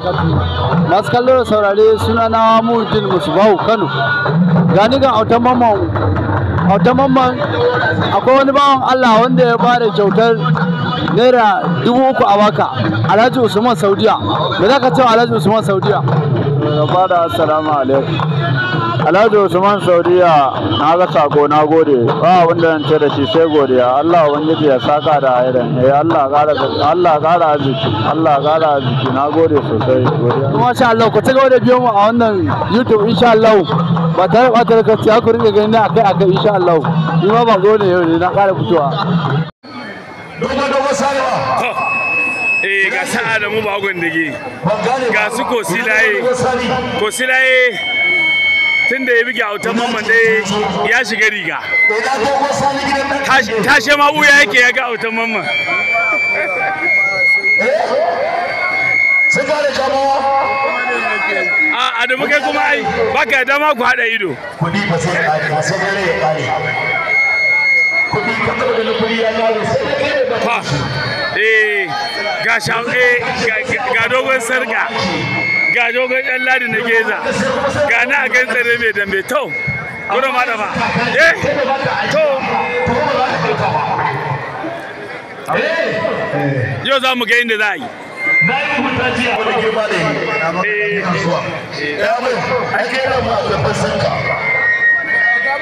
masu kallon da saurare suna na muhittin musubau kano gani ga autan autan mamman akwai wani bawan allah wanda ya bada kyautar naira dubu uku a waka alhaji usman saudiya me za ka ce alhaji usman saudiya da bada assalamu alaikum Alhaji Usman Saudiya na ga sako na gode ba abin da ce da shi sai godiya Allah ubangiji ya saka da ayyuka ne eh, Allah kara Allah kara arziki Allah kara arziki na gode sosai godiya kuma masha Allah ku ci gaba da biyo mu a wannan YouTube insha Allah ba tare ba tare ka ciya ku rike gani akai akai insha Allah ni ma ban gode yau ne na kara fitowa dogo dogo sarewa eh ga sa'a da mu bagon dage ga su ko silaye ko silaye tun da ya buge autan mamman dai ya shiga riga tashe ma uya yake ya ga autan mamman a da muka kuma ai baka ya dama ku haɗa ido kudi ba sai ya sai ya kare kudi ka taɓa da nufuri ya kare sai da kare ba ga dogon sarka ga dogon yan ladi na geza ga na a gan tsare mai dambe to gudu ma da ba eh to yau za mu ga inda za a yi eh. Eh. a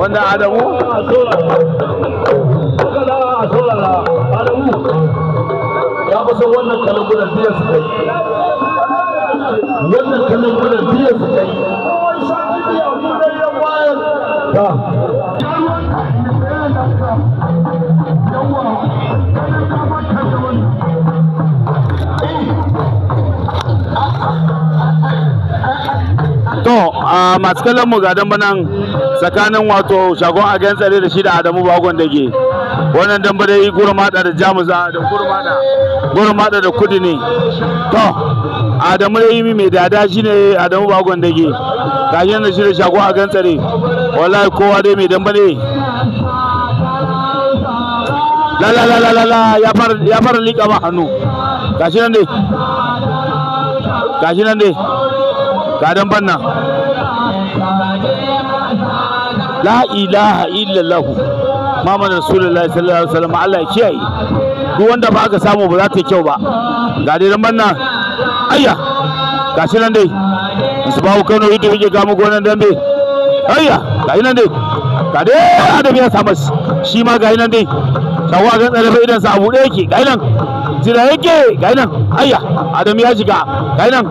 wanda adamu adamu ya kusan wannan kalambunan biyan su kai wannan kalambunan biyan su kai a masu kallon mu ga nan tsakanin wato shagon gan tsare da shi da adamu bagon ke wannan damba dai mada da jamusa ah, da gurmada mada da kudi ne to adamu ya yi mai dada shi ne adamu bagon ke gashi da shi da shagon gan tsare wallahi kowa dai mai damba ne la la la la la ya fara liƙa ba hannu gashi nan dai gashi nan dai ga damban nan la ilaha illallah Muhammad Rasulullahi sallallahu alaihi wasallam Allah ya kiyaye duk wanda ba ka samu ba za ta yi kyau ba ga dai ran nan ayya shi nan dai su bawo Kano yadda muke ga mu gonan dambe ayya gashi nan dai ga dai Adam ya samu shi ma gashi nan dai shawa ga tsare bai idan sa abu da yake gashi nan jira yake gashi nan ayya Adam ya shiga gashi nan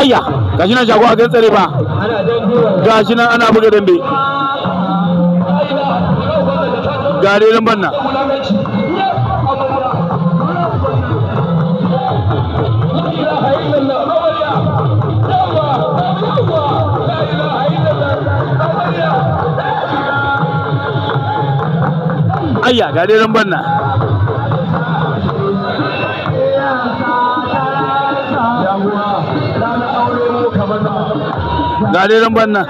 ayya gashi nan shago a kan tsare ba gashi nan ana buga dambe ga rerin banna ayya ga rerin banna ga dai lambar nan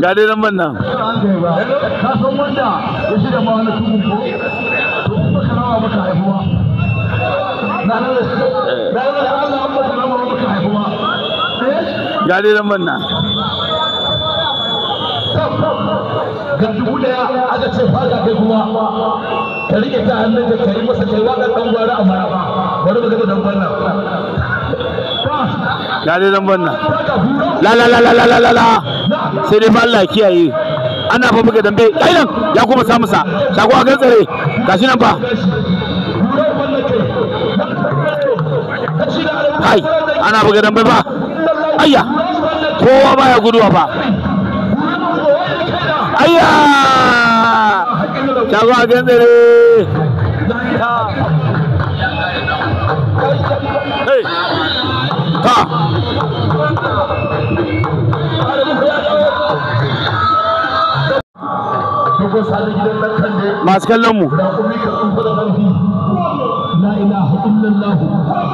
ga dai lambar ga rama maka haihuwa ranar eh? ga dai nan ga kai kuma ka rike ta hannun da kai masa kai dan gwara a ba bari mu gaba dan ga dai nan manna la la la la la la la sai dai Allah ana fa dambe nan ya kuma samu shago a gantsare gashi nan fa ana buga dambe ba ayya kowa baya guduwa ba ayya ta shago a gandare ta masu kallon mu la ilaha illallah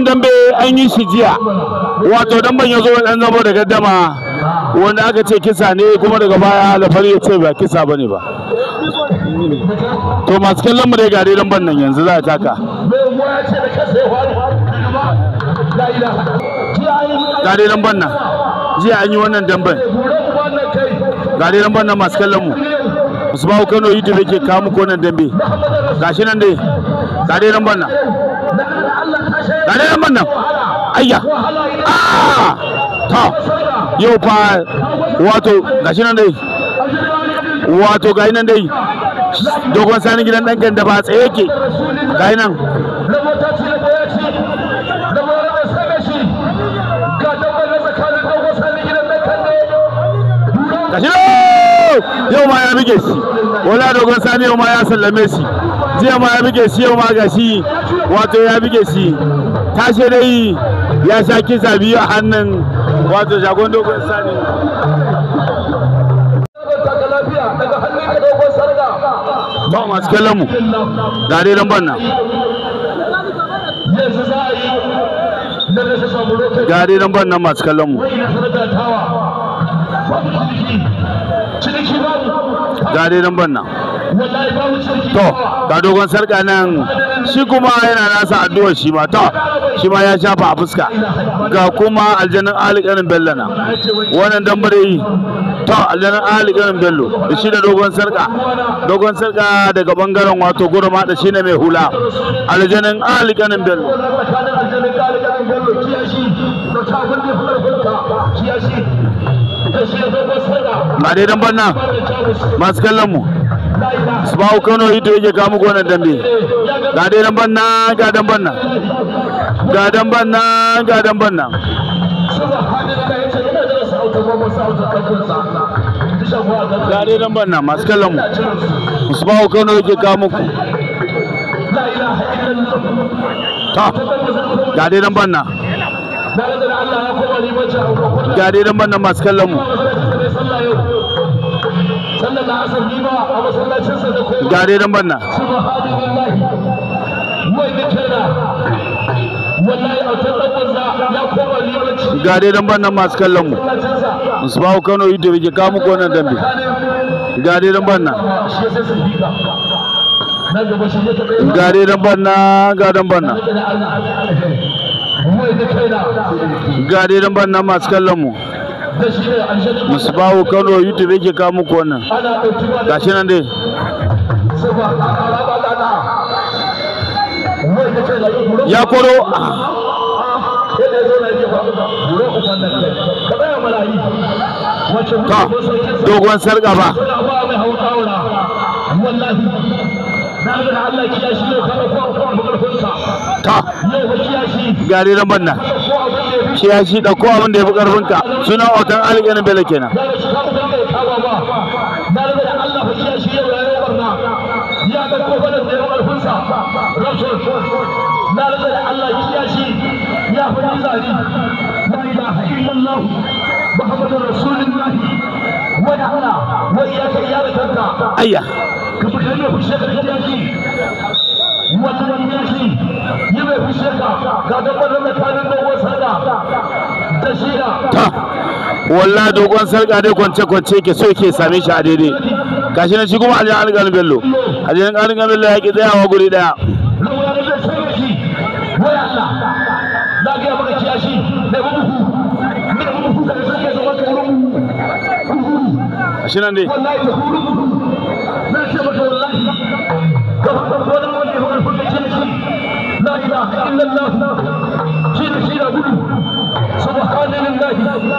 wannan dambe an yi shi jiya wato damban ya zo dan zama da gaddama wanda aka ce kisa ne kuma daga baya alfar ya ce ba kisa bane ba to masu kallon mu dai gare damban nan yanzu za a taka gare damban nan jiya an yi wannan damban gare damban nan masu kallon mu Usman Kano YouTube ke kawo muku wannan dambe gashi nan dai gare damban nan ranar yamman nan ayya ah! ta yau fa wato gashi nan dai wato gashi nan dai dogon sanin gidan dan ganda ba tsaye yake gashi nan gashi yau ma ya buge shi wala dogon sani yau ma ya sallame shi jiya ma ya buge shi yau ma ga shi. wato ya buge shi tashe dai ya sa kisa biyu a hannun wato shagon dogon sani ba masu kallon mu ga dai lambar banna ga dai lambar nan masu kallon mu ga dai lambar nan to ga dogon sarka nan shi kuma yana nasa addu'ar shi ma to shi ma ya shafa a fuska ga kuma aljanin alikarin bello na wannan dambare yi to aljanin alikarin bello da shi da dogon sarka dogon sarka daga bangaren wato gurma da shi ne mai hula aljanin alikarin bello ba dai dan banna masu kallon mu Subahu Kano ito yake kamu gonan dambe. Ga dai dan banna ga dan banna. Ga dan banna ga dan banna. Ga dai dan banna masu kallon mu. Subahu Kano yake kamu Ta. Ga dai dan banna. Ga dai dan banna masu kallon mu. gari don banna gari don banna masu kallon mu, su ba ku kano yadda rike kamu ko nan dambe gari don banna gari don banna gadon banna gari don banna masu kallon mu. ku kano youtube yake kawo muku wannan gashi nan dai ya koro ta dogon sarga ba ta gari na banna shi ya shi ɗauko abin da ya fi ƙarfinka suna otan alƙanin bela kenan Ayya. Ka fitar da fushi ka fitar da mataimakin yi mai ka sarka da shida walla dogon sarka dai kwance kwance ke so ke same shi a daidai gashi nan shi kuma aljihar algalin bello aljihar algalin bello ya ki tsayawa guri daya shi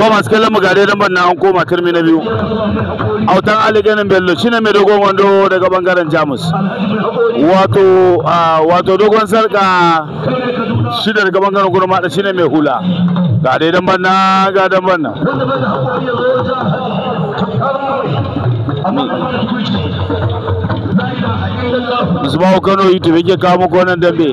Thomas masu kallon magare da ban an koma kirmi na biyu autan aliganin bello shine mai dogon wando daga bangaren jamus wato wato dogon sarka shi daga bangaren gurma da shine mai hula ga dai don ban ga don ban Zubawu Kano yi tafi ke kawo muku dambe.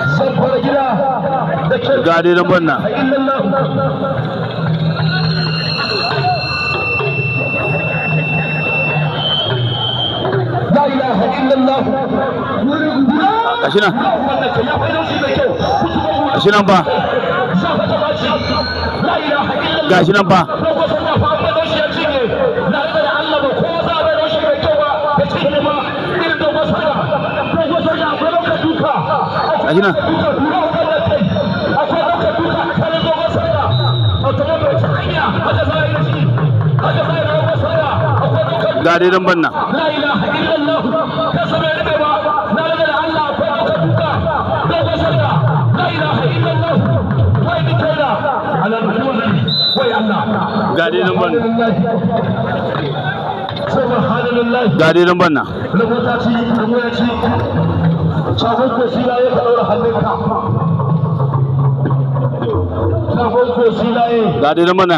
ga dai banna. nan gashi nan gashi nan ba gashi nan ba gashi nan ga dai dan banna la na Allah ko Allah ga dai banna ga dai banna ga banna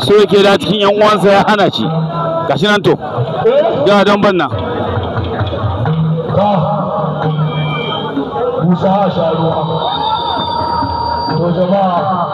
so yake da cikin yan uwansa ya hana shi gashi nan to ga don banna Musa Sharuwa to jama'a